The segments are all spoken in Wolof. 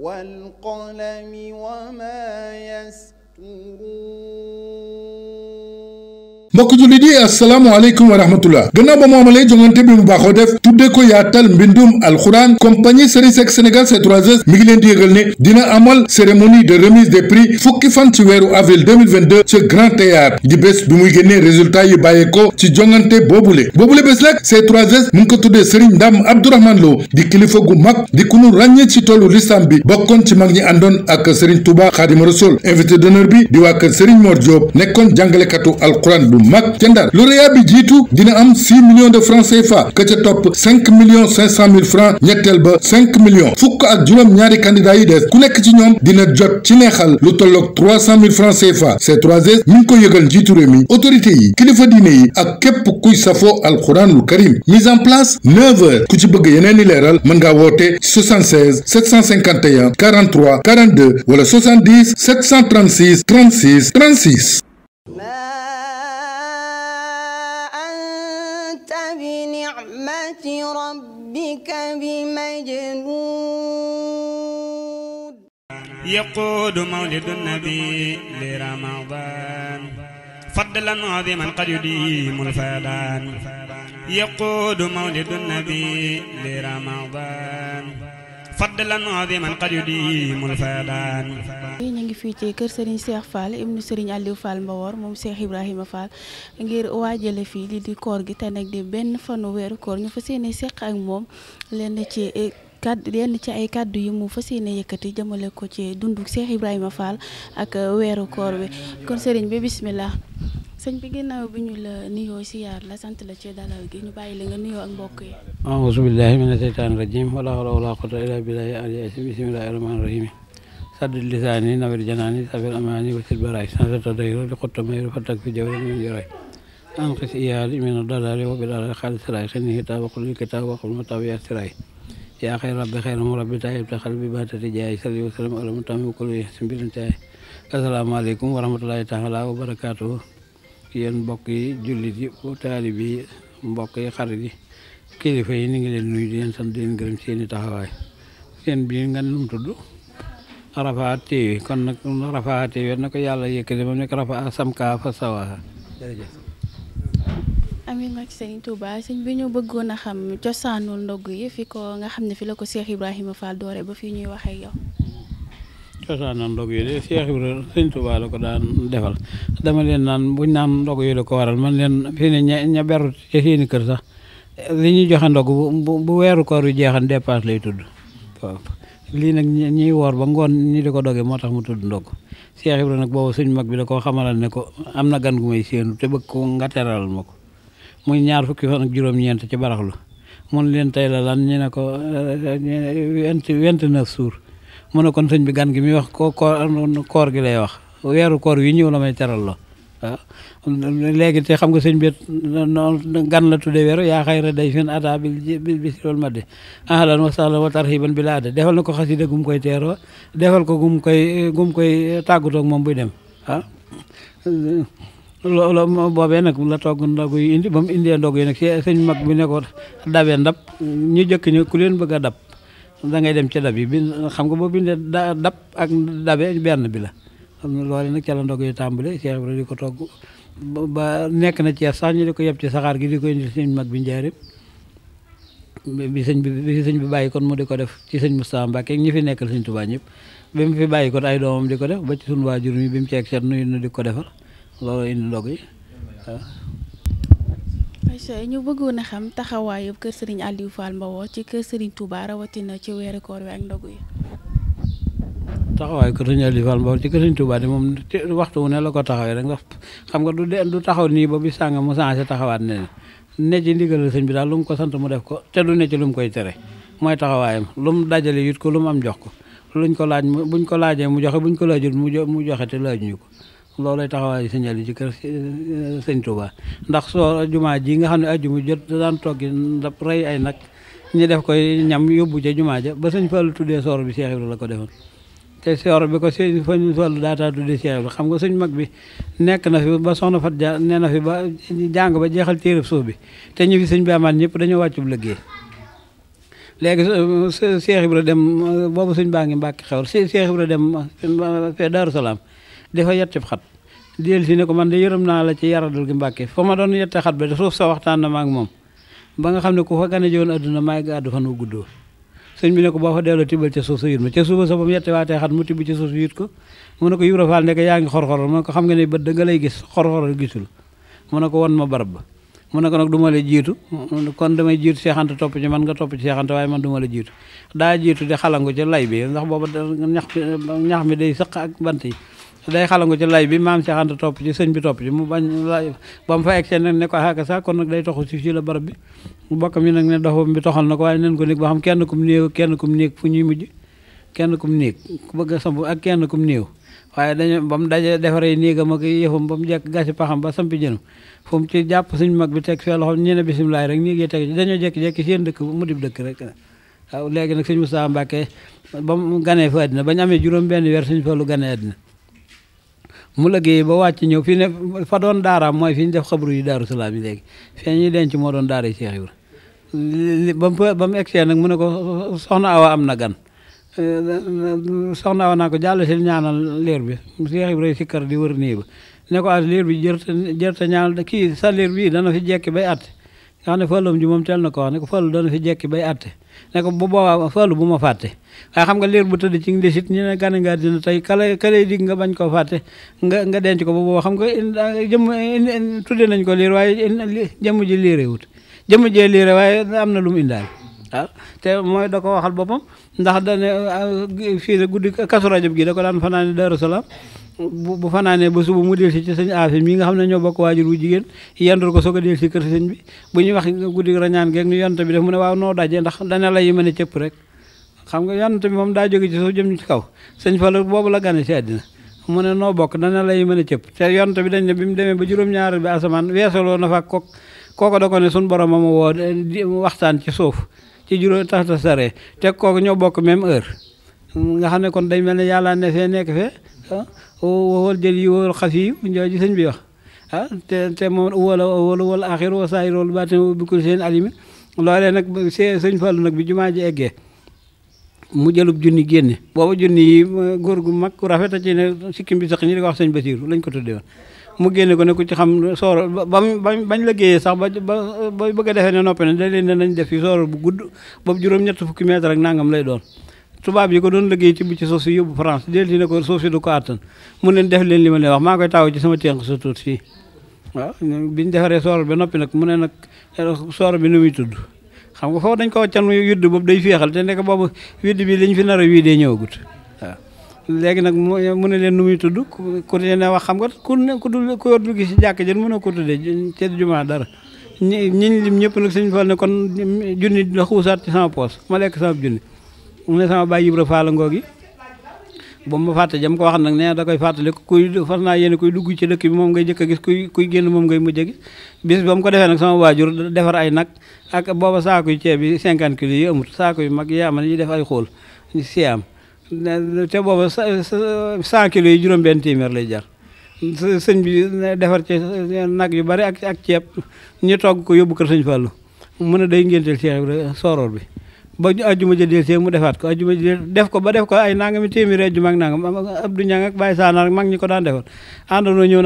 والقلم وما يسطرون mbokk jullit yi asalaamaaleykum wa rahmatullah gannaaw ba mu amalee jongante bi mu baaxoo def tuddee ko yaatal mbindum alxuraan compagnie Serigne Seck Sénégal c 3 mi ngi leen di yëgal ne dina amal cérémonie de remise des prix fukki fan ci weeru avril 2022 ci Grand Théâtre di bés bi muy génnee résultat yi bàyyeekoo ci jongante boobule boobule bés nag C3S mu ko tuddee Serigne Ndam Abdourahmane Lo di kilifa gu mag di ku nu ràññee ci tollu listam bi bokkoon ci mag ñi àndoon ak Serigne Touba Khadim Rassoul invité d'honneur bi di waa kër Serigne Mor Diop nekkoon jàngalekatu alxuraan bu mag ca Ndar lauréat bi jiitu dina am six millions de francs CFA ka topp cinq millions cinq mille francs ñetteel ba cinq millions fukk ak juróom-ñaari candidats yi des ku nekk ci ñoom dina jot ci neexal lu tolloog trois cent mille francs CFA C3S ngi ko yëgal njiitu réew mi autorité yi kilifa diine yi ak képp kuy safoo alxuraanul karim mise en place neuf heures ku ci bëgg yeneen i leeral mën ngaa woote 76 751 43 42 wala 70 736 36 36 ربك بمجنون يقود مولد النبي لرمضان فضلا عظيما قد يديم الفدان يقود مولد النبي لرمضان fadlan aziman qad yudimul fadaan ñu ngi fii ci kër Serigne Cheikh Fall ibnu Serigne Aliou Fall Mbawor moom Cheikh Ibrahima Fall ngir waajale fii li di koor gi te nag di benn fanu weeru koor ñu fas yéene seq ak moom lenn ci kàddu yenn ci ay kàddu yi mu fas yéene yëkkati jëmale ko ci dundu Cheikh Ibrahima Fall ak weeru koor bi kon Serigne bi bismillah sëñ bi ginnaaw bi ñu la nuyoo siyaar la sant la ci dalal gi ñu bàyyi la nga nuyoo ak mbokk yi auzu billahi mina seytaani rajim wala hawla wala quwwata illa rahim saddid lisaani nawir janaani safir amaani wasil baraay sansata dayro li xotta mayro fattak fi jawri min joray anqis iyaali min dalali wa bilala xaalis siraay xini kitaab waqul li kitaab waqul ma taw yaat siraay yaa xay rabbi xayra mu rabbi taayib te bi baatati jaay sali wa salaam ala wa rahmatulahi taala wa barakaatuhu yéen mbokk yi jullit yi taalib yi mbokk yi xarit yi kilifa yi ni ngi leen nuyu di leen sant di leen seeni taxawaay seen bii nga num tudd Rafah TV kon nag Rafah na ko yàlla yëkkati ba nekk Rafah samka fa sawa amin ak sëñ Touba sëñ bi ñu bëggoon a xam cosaanul ndogg yi fi ko nga xam ne fi la ko Cheikh Ibrahima Fall doore ba fii ñuy waxee yow cosaanal ndog yi de Cheikh Ibrahima sëñ Touba la ko daan defal dama leen naan buñ naan ndog yi la ko waral man leen fii ne ña ña beru ci seeni kër sax li ñuy joxe ndog bu bu weeru koor yu jeexan dépasse lay tudd lii nag ñiy woor ba ngoon ñi di ko doge moo tax mu tudd ndog Cheikh Ibrahima nag boobu suñ mag bi da ko xamalal ne ko am na gan gu may séenu te bëgg ko nga teral ma ko mu ñaar fukki fan ak juróom-ñeent ci baraxlu mun leen tey la lan ñu ne ko eh, eh, eh, vingt vingt mu ne kon sëñ bi gan gi muy wax ko koor gi lay wax weeru koor wi ñëw la may teral la waaw léegi te xam nga sëñ bi gan la tuddee weeru yaa xayra day fin ata bi bi bi si loolu ma de ahlan wa sahlan wa tarhiban bi laa ko xasida gum koy teeroo defal ko gum koy gum koy moom buy dem ah loolu boobee nag la toog ndog yu indi ba mu indee ndog yi nag sëñ mag bi ne ko dabee ndab ñu jëkk ñu ku leen bëgg a dab dangay dem ci dab yi bi xam nga boo bindee da dab ak dabe benn bi la xam nga loolu nag ca la ndog yu tàmbale Cheikh Ibrahima di ko togg ba nekk na Cees sax ñu di ko yeb ci saxaar gi di ko indi sëñ mag bi njaarim bi sëñ bi bi sëñ bi bàyyi kon mu di ko def ci sëñ Moustapha Mbacke ñi fi nekkal sëñ Touba ñëpp bi mu fi bàyyi kon ay doomam di ko def ba ci suñu waajur mi bi mu ceeg seet nuyu na di ko defar loolu indi ndog yi Aïcha ñu bëggoon a xam taxawaayu kër Serigne Aliou Fall Mbawo ci kër Serigne Touba rawatina ci weeru koor wi ak ndogu yi. taxawaayu kër Serigne Aliou Fall Mbawo ci kër Serigne Touba de moom waxtu wu ne la ko taxawee rek ndax xam nga du de du taxaw nii ba bi sànga mu changé taxawaat ne ne ci ndigal sëñ bi daal lu ko sant mu def ko te du ne ci lu mu koy tere mooy taxawaayam lu mu dajale yit ko lu am jox ko luñ ko laaj buñ ko laajee mu joxe buñ ko laajul mu joxe loolay taxawaayu signal yi ci kër sëñ Touba ndax soo jumaa ji nga xam ne ajjuma jot daan toggi ndab rey ay nag ñu def koy ñam yóbbu ca jumaa ja ba sëñ Fallu tuddee soor bi Cheikh Ibrahima la ko defoon te soor bi ko sëñ Fallu daataa tuddee Cheikh Ibrahima xam nga sëñ mag bi nekk na fi ba soxna Fat ja nee na fi ba jàng ba jeexal téereb suuf bi te ñu fi sëñ bi amaat ñëpp dañoo wàccub liggéey léegi Cheikh Ibra dem boobu suñ baa ngi mbàkk xewar Cheikh Ibra dem fee Daaru Salaam dafa yat cib xat del si ne ko man de yërëm naa la ci yaradal gi mbàkke fa ma doon yette xat ba de suuf sa waxtaan na ma moom ba nga xam ne ko fa gane joon adduna maay ga fan wu guddoo sëñ bi ne ko boo fa delloo tibbal ca suuf sa yit ma ci suuf sa yit ko ne ko Ibra Faal ne yaa ngi xorxoral mu ne ko xam nga ne bët da nga lay gis xorxoral gisul mu ne ko won ma barab ba mu ne ko nag du ma la jiitu kon damay jiitu seexante topp ci man nga topp ci seexante waaye man du ma la jiitu daa jiitu di xalangu ca lay bi ndax booba ñax ñax mi day sëq ak bant yi day xalangu ci lay bi maam Cheikh Anta topp ci sëñ bi topp ci mu bañ lay ba mu fa egg seen nag ne ko xaaka ah sax kon nag day toxu si fii la barab bi mu bokkam yi nag ne doxam bi toxal na ko waaye neen ko néeg ba xam kenn kum néew kenn kum néeg fu ñuy mujj kenn kum néeg ku bëgg a samp ak kenn kum néew waaye dañu ba mu daje defaree néegam ak yëfam ba mu jekk gasi paxam ba sampi jënam fu mu ci jàpp suñ mag bi teg fee loxo ñu ne bisimilaay rek néeg yi teg ci dañoo jekki-jekki seen dëkk mu dib dëkk rek waaw léegi nag sëñ Moussa Mbacke ba mu ganee fa àddina bañ juróom benn weer sëñ Fallou ganee mu liggéey ba wàcc ñëw fi ne fa doon mooy fi ñu def xabru yu daaru salaam yi léegi fee ñuy denc moo doon daara Cheikh Ibra ba ba mu egsee nag mu ne ko soxna awa am na gan eh, soxna awa naa ko jàll si ñaanal liir bi Cheikh Ibra sikkar di war nii ba ne ko as liir bi jërta jërta ñaanal kii sa bi bii dana fi jekki bay at nga xam ne fàllum ji moom teel na ko wax ne ko fàllu doon fi jekki bay àtte ne ko bu boobaa fàllu bu ma fàtte waaye xam nga liir bu tëdd ci nglisit ñu ne gane nga dina tey kale kale dig nga bañ koo fàtte nga nga denc ko bu xam nga jëmm tudde nañ ko liir waaye jëmm ji liir wut jëmm jee liire waaye am na lu mu indaal waaw ah, te mooy da ko waxal boppam ndax da dane ah, fii de guddi kasu rajab gi da ko daan fanaane Daaru Salaam bu bu fanaanee ba suba mu del si ci sëñ aafi mii nga xam ne ñoo bokk waajur wu jigéen yendul ko soog a del si kër sëñ bi bu ñuy wax guddi rañaan geeg nu yonte bi def mu ne waaw noo daje ndax dana la yi mën a cëpp rek xam nga yonte bi moom daa jóge ci suuf mu ne noo bokk a te yonte bi dañ ne bi mu demee ba juróom-ñaar bi asamaan weesaloo na fa kook kooko da ko ne suñ borom ma woo waxtaan ci suuf ci juróom tax ta saree te kooku ñoo bokk même heure nga xam ne kon day mel ne waxool jël yi waxool xaf yi jooju sëñ bi wax ah te te moom wala wala wala axir wa saay loolu baatin bi ko seen alimi loolee nag sëñ Fallu nag bi jumaa ji eggee mu jëlub junni génne booba junni yi góor gu mag ku rafet a ci ne sikkim bi sax ñi di ko wax sëñ Basiiru lañ ko tuddee woon mu génne ko ne ku ci xam sooro bam ba bañ liggéeyee sax ba ba bëgg a defee ne noppi ne da leen ne nañ def fi sooro bu gudd boobu juróom-ñett fukki mètre ak nangam lay doon tubaab yi ko doon liggéey ci bu ci suuf si yóbbu France dellusi ne ko suuf si ko àttan mu neen def leen li ma leen wax maa koy taaw ci sama ténk sa tuut fii waaw bi ñu defaree soor bi noppi nag mu ne nag soor bi nu muy tudd xam nga foofu dañ ko waccan yudd boobu day féexal te nekk boobu yudd bi liñ fi nar wii dee ñëwagut waaw léegi nag mu ne leen nu muy tudd ku ne wax xam nga ku ne ku dul ku gis si jàkk jën mën a ko tuddee te jumaa dara ñi ñiñ lim ñëpp nag suñ fal ne kon junni la xuusaat ci sama poos ma lekk sama junni mu ne sama bàyyi Ibra ngoo ngoogi ba ma fàtte jam ko wax nag nee da koy fàttali kuy fas naa yéen kuy dugg ci dëkk bi moom ngay jëkk a gis kuy kuy génn moom ngay mujj a gis bis ba mu ko defee nag sama waajur defar ay nag ak booba saaku yu ceeb yi cinquante kilos yi amut saaku yu mag yi am nañu def ay xóol siyaam te booba cent kilos yi juróom-benn téeméer lay jar sëñ bi defar ci nag yu bari ak ak ceeb ñu togg ko yóbbu kër sëñ Fallou mën a day ngénteel Cheikh Ibra sooroor bi ba ajjuma ja dee see mu defaat ko ajjuma ja def ko ba def ko ay nangami téeméeri ajjuma ak nangam Abdou Niang ak Baye Saana mag ñi ko daan defoon àndoonoo noonu ñëw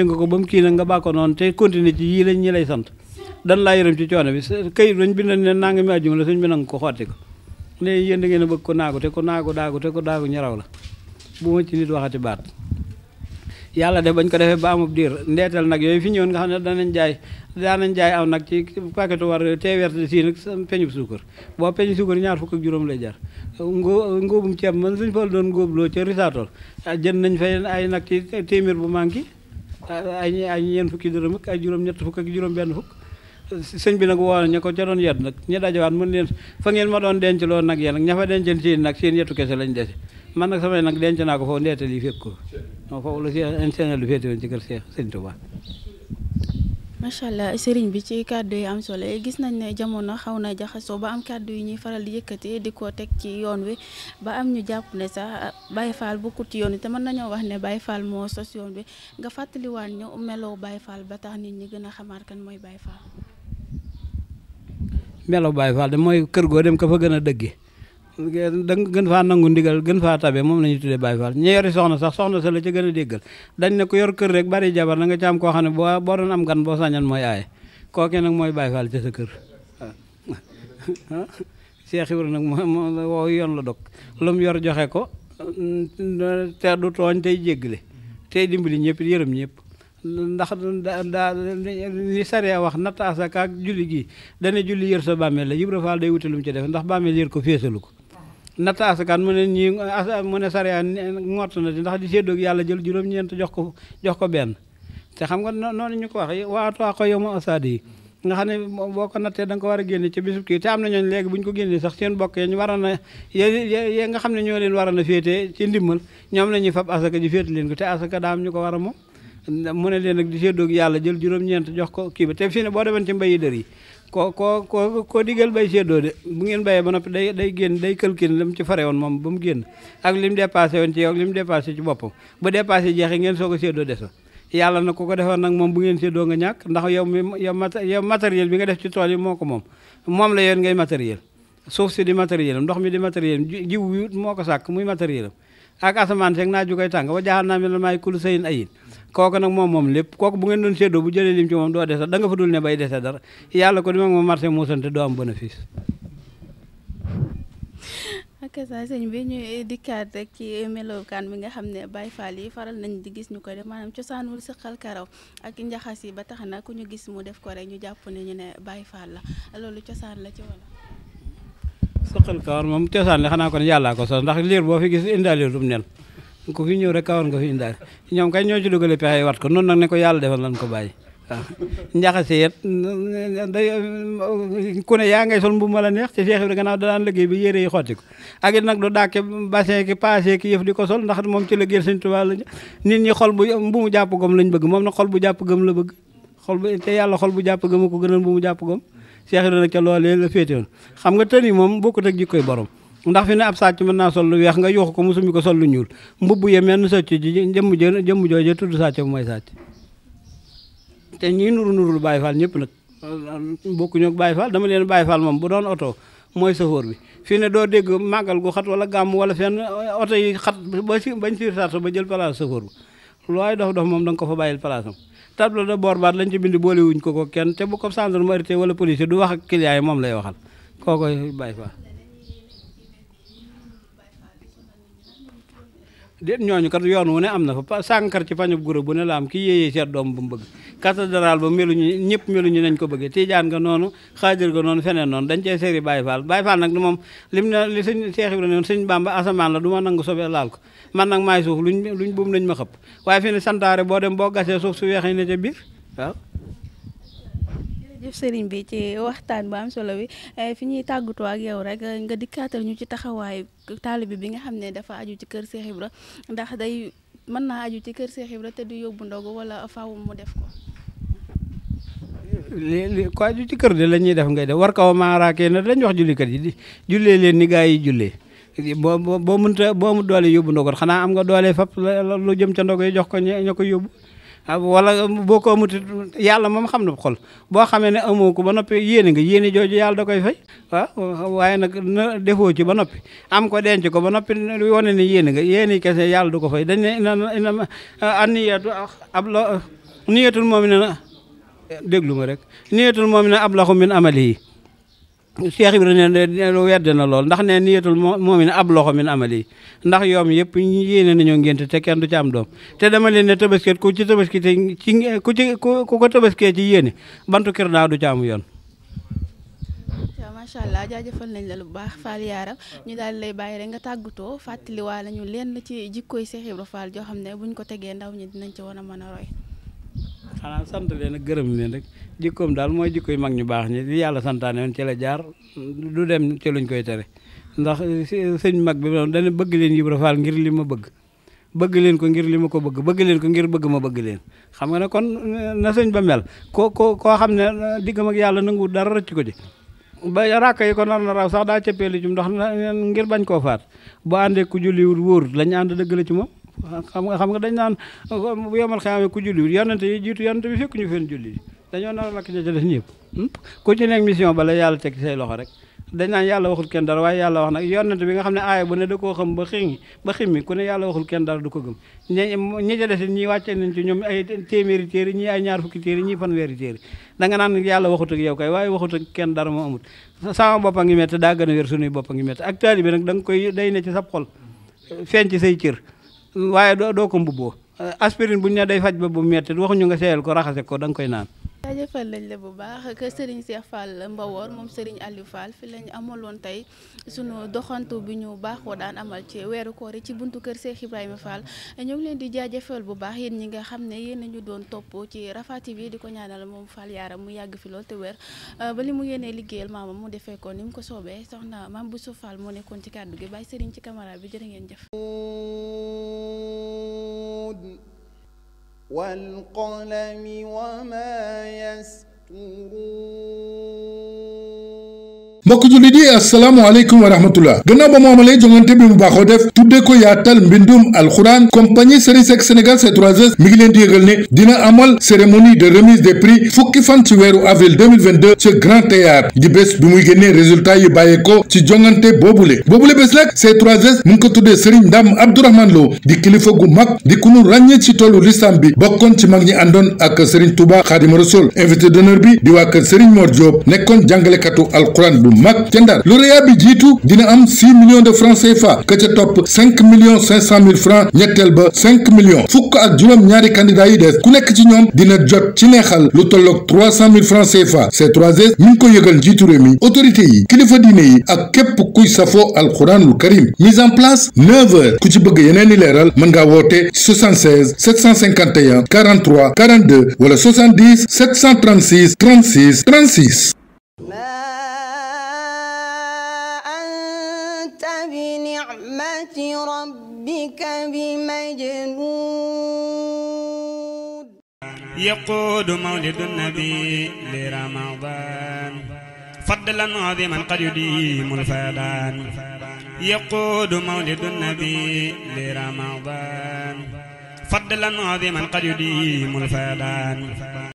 mu ko ba mu kii nag nga bàkko noonu te continuer ci yii lañ ñi sant dan laa yërëm ci coono bi këyit lañ bind ne nangami ajjuma la sëñ bi nanga ko xotti ko léegi yéen da ngeen a bëgg ko naagu te ko naagu daagu te ko daagu ñaraw la bu ma ci nit waxati baat yàlla def bañ ko defee ba diir ndeetal nag yooyu fi ñëwoon nga xam ne danañ jaay daanañ jaay aw nag ci paquetu war teewerte sii nag peñub suukar boo peñu suukar ñaar fukk ak juróom lay jar ngó ngóobum ceeb man suñ fal doon ngóobloo ca risaatol ah, jën nañ fay ay nag ci téeméer bu manqué ah, ay ay ñeen fukki dërëm ak ay juróom ñett fukk ak juróom benn fukk sëñ bi nag woo ña ko ca doon yet nag ñu dajawaat mën leen fa ngeen ma doon denc loolu nag yéen nag ña fa dencal ci nag seen yetu kese lañ dese man nag samay nag denc naa ko foofu ndeetal fekk ko non foofu la seen lu féete woon ci kër Seex Sëñ Tuubaa macha allah sëriñ bi ci kàddu yi am solo gis nañ ne jamono xaw na jaxasoo ba am kàddu yi ñuy faral di yëkkati di ko teg ci yoon wi ba am ñu jàpp ne sax Baye Fall bokkut ci yoon wi te mën nañoo wax ne Baye Fall moo sos yoon wi nga fàttaliwaat ñu meloo Baye faal ba tax nit ñi gën a xamaar kan mooy Baye Fall. melo baay Fall de mooy kër goo dem ka fa gën a dëgge da gën faa nangu ndigal gën faa tabe moom la ñu tuddee Baye Fall ñi yori soxna sax soxna sa la ci gën a déggal dañ na ko yor kër rek bari jabar na nga ci am koo xam ne boo boo doon am gan boo sañan mooy aaye kooke nag mooy Baye Fall ci sa kër waaw Cheikh Ibrahima nag moom woowu yoon la dog lu yor joxe ko te du tooñ tey jéggale tey dimbali ñëpp yërëm ñëpp ndax da li sariya wax natt asaka ak julli gi dana julli yër sa bàmmeel la Ibra Faal day wuti ci def ndax bàmmeel yër ko féesalu ko natt asakaat mu ne ñii ndax di séddoog yàlla jël juróom-ñeent jox ko jox ko benn te xam nga noonu ñu ko wax waatuwaa ko yow ma osaad yi nga xam ne boo ko nattee da nga a génne ca bisub kii te am na ñooñ léegi bu a xam ne ñoo leen war a ci ndimmal ñoom la ñuy fab asaka ji féete leen ko te asaka daa am ñu ko war a moom mu ne leen nag di séddoog yàlla jël juróom-ñeent jox ko kii ba te fii ne boo demoon ci mbayi dër yi koo koo koo bu ngeen bayee ba noppi day day génn day calculer li mu ci fare woon moom ba mu génn ak li mu dépassé woon ci yow li mu dépassé ci boppam bu dépassé jeexee ngeen soo ko na ku ko defoon nag moom bu ngeen séddoo nga ñàkk ndax yow mi yow yow bi nga def ci tool yi moo ko moom moom la yoon ngay matériel suuf si di matériel ndox mi di matériel am jiw wi moo ko sàkk muy matériel am ak asamaan seeg naa ju koy tàng wa jaaxal naa mi la maay kulu sayin ayin kooku nag moom moom lépp kooku bu ngeen doon séddoo bu jëlee lim ci moom doo dese da nga dul ne bay dese dara yàlla ko di mag ma marché muusante doo am bénéfice ak saa sëñ bi ñu dikkaat rek ci melokaan bi nga xam ne Baye faal yi faral nañ di gis ñu koy def maanaam cosaanul sëqal karaw ak njaxas yi ba tax na ku ñu gis mu def ko rek ñu jàpp ne ñu ne Baye Fall la loolu cosaan la ci wala sëqal karaw moom cosaan la xanaa kon yàllaa ko so ndax boo fi gis indaale lu mu ku fi ñëw rek kawoon nga fi indaale ñoom kay ñoo ci dugale pexe wat ko noonu nag ne ko yàlla defal lan ko bàyyi waaw yet day ne yaa ngay sol mbubb ma la neex ci Cheikh Ibra bi yére yi xotti ko ak it nag du dàkke bassin ki passé ki yëf di ko sol ndax moom ci liggéeyal Sëñ Tuubaa la nit ñi xol bu bu mu jàpp gom lañ bëgg moom nag xol bu jàpp gëm la bëgg xol bu te yàlla xol bu jàpp gëm ko gënal bu mu jàpp gom Cheikh Ibra nag ca loolee la féete woon xam nga tën yi moom bokkut ak jikkoy borom ndax fi ne ab sàcc mën naa sol lu weex nga yuux ko mu summi ko sol lu ñuul mbubb ya menn sàcc ji jëmm jë jëmm jooje tudd sàcc bu may sàcc te ñii nuru nurul Baay Faal ñëpp nag bokkuñu ak Baay Faal dama leen Baay Faal moom bu doon oto mooy safoor bi fii ne doo dégg màggal gu xat wala gàmm wala fenn oto yi xat ba si bañ siir sarto ba jël place safoor bi looy dof dof moom da ko fa bàyyil place am tableau de bord baat lañ ci bind wuñ ko ko kenn te bu ko gendarmerie wala police du wax ak client yi moom lay waxal koo koy Baay déet ñooñu kat yoon wu ne am na fa sànkar ci pañub gura bu ne la am ki yéeyee seet doom ba mu bëgg cathédrale ba meluñu ñëpp meluñu nañ ko bëggee tiijaan nga noonu xaajër ga noonu feneen noonu dañ cee séri Baye Fall Baye Fall nag du moom lim ne li sëñ Cheikh Ibrahima noonu sëñ Bamba asamaan la du ma nangu sobe laal ko man nag maay suuf luñ luñ buum nañ ma xëpp waaye fi ne santaare boo dem boo gasee suuf su weexee ne ca biir waaw jërëjëf sëriñ bi ci waxtaan bu am solo bi eh, fi ñuy tàggatoo ak yow rek nga dikkaatal ñu ci taxawaay taalibe bi nga xam ne dafa aju ci kër Cheikh Ibra ndax day mën naa ci kër Cheikh Ibra te di yóbbu ndogu wala faaw mu def ko. li ko aju ci kër de la def ngay def war kaw maaraakee na lañ wax jullikat yi di jullee leen ni gaa yi jullee. boo boo boo mënta boo mu doole yóbbu ndogal xanaa am nga doole fap lu jëm ca ndogo yi jox ko ña ko yóbbu Ah, wala um, boo ko amuti yàlla moom xam na xol boo xamee ne amoo ko ba noppi yéene nga yéene jooju yàlla da koy fay waaw ah, waaye nag na defoo ci ba noppi am ko denc ko ba noppi wone ne yéene nga yéene kese yàlla du ko fay dañ ne ina anniyatu ah, ab la niyatul moom ne na déglu ma rek niyatul moom ne ablahu min amalihi Cheikh Ibrahima ne wedd na lool ndax ne niyatul mu'min ab loxo min amali ndax yoom yëpp yéene nañoo ngénte te kenn du ci am doom te dama leen ne tëbaskeet ku ci tëbaski te ci ku ci ku ko tëbaskee ci yéene bantu kër naa du ci am yoon macha allah jaajëfal nañ la lu baax Fall Yaaram ñu daal lay bàyyi rek nga tàggatoo fàttaliwaale ñu leen ci jikkooy Cheikh Ibra Fall joo xam ne buñ ko tegee ndaw ñi dinañ ci war a mën a roy xanaa sant leen na gërëm leen rek jikkoom daal mooy jikko yu mag ñu baax ñi li yàlla santaane woon ci jaar du dem ci luñ koy tere ndax sëñ mag bi doon dana bëgg leen Ibra Faal ngir li ma bëgg bëgg leen ko ngir li ma ko bëgg bëgg leen ko ngir bëgg ma bëgg leen xam nga ne kon na sëñ ba mel ko ko koo xam ne diggam mag yàlla nangu dara rëcc ko ci ba rakk yi kon nar na raw sax daa cëppeelu ndox ndax ngir bañ koo faat boo àndee ku julliwul wóorut lañu ànd dëgg la ci moom xam nga xam nga dañ naan bu yomal xayaamee ku julliwul yonente yi jiitu yonente bi fekk ñu fenn julli dañoo nar a lakk ña ca des ñëpp hmm? ku ci nekk mission bala yàlla teg say loxo rek dañ naan yàlla waxul kenn dara waaye yàlla wax nag yonent bi nga xam ne ne da koo xam ba ximi ba ximmi kenn dara du ko gëm ñi ñi ca ñii wàcce nañ ci ay téeméeri téere ñii ay ñaar fukki téere ñii fanweeri téere da nga naan yàlla waxut ak yow kay waaye waxut ak kenn dara moo amut sama boppa ngi métti daa gën a wér sunuy boppa ngi métti ak taalibe nag da nga koy day ne sa sab xol feeñ say cër waaye doo ko mbubboo aspirine bu ñu ne day faj ba bu metti waxuñu nga seeyal ko raxase ko da koy naan jaajëfal lañ la bu baax kër Serigne Cheikh Fall Mbawor moom Serigne Aliou Fall fi lañ amaloon tey sunu doxantu bi ñu baaxoo daan amal ci weeru koor ci buntu kër Cheikh Ibrahima Fall ñoo ngi leen di jaajëfal bu baax yéen ñi nga xam ne yéen nañu doon topp ci Rafah TV di ko ñaanal moom Fall yaara mu yàgg fi lool te weer euh, ba li mu yéenee liggéeyal maama mu defee ko ni mu ko soobee soxna maam Bousso Fall moo nekkoon ci kàddu gi bàyyi Serigne ci caméra bi jërë ngeen jëf. والقلم وما يسطرون mbokk jullit yi asalaamaaleykum wa rahmatullah gannaaw ba mu amalee jongante bi mu baaxoo def tuddee ko yaatal mbindum alxuraan compagnie Serigne Seck Sénégal C3S mi ngi leen di yëgal ne dina amal cérémonie de remise des prix fukki fan ci weeru avril 2022 ci Grand Théâtre di bés bi muy génnee résultat yi bàyyeekoo ci jongante boobule boobule bés nag C3S mu ngi ko tuddee Serigne Ndam Abdourahmane Lo di kilifa gu mag di ku nu ràññee ci tollu listam bi bokkoon ci mag ñi àndoon ak Serigne Touba Xaadimu Rasuul invité d'honneur bi di waa kër Serigne Mor nekkoon jàngalekatu alxuraan bu mag ca Ndar lauréat bi jiitu dina am six millions de francs CFA ka ca topp cinq millions cinq cent mille ñetteel ba cinq millions fukk ak juróom-ñaari candidats yi des ku nekk ci ñoom dina jot ci neexal lu tolloog trois cent mille francs CFA c 3 ngi ko yëgal jiitu réew mi autorité yi kilifa diine yi ak képp kuy safoo alxuraanul karim mise en place neuf heures ku ci bëgg yeneen i leeral mën ngaa woote 76 751 43 42 wala 70 736 36 36. بمجنون يقود مولد النبي لرمضان فضلا عظيما قد يديم الفدان يقود مولد النبي لرمضان فضلا عظيما قد يديم الفدان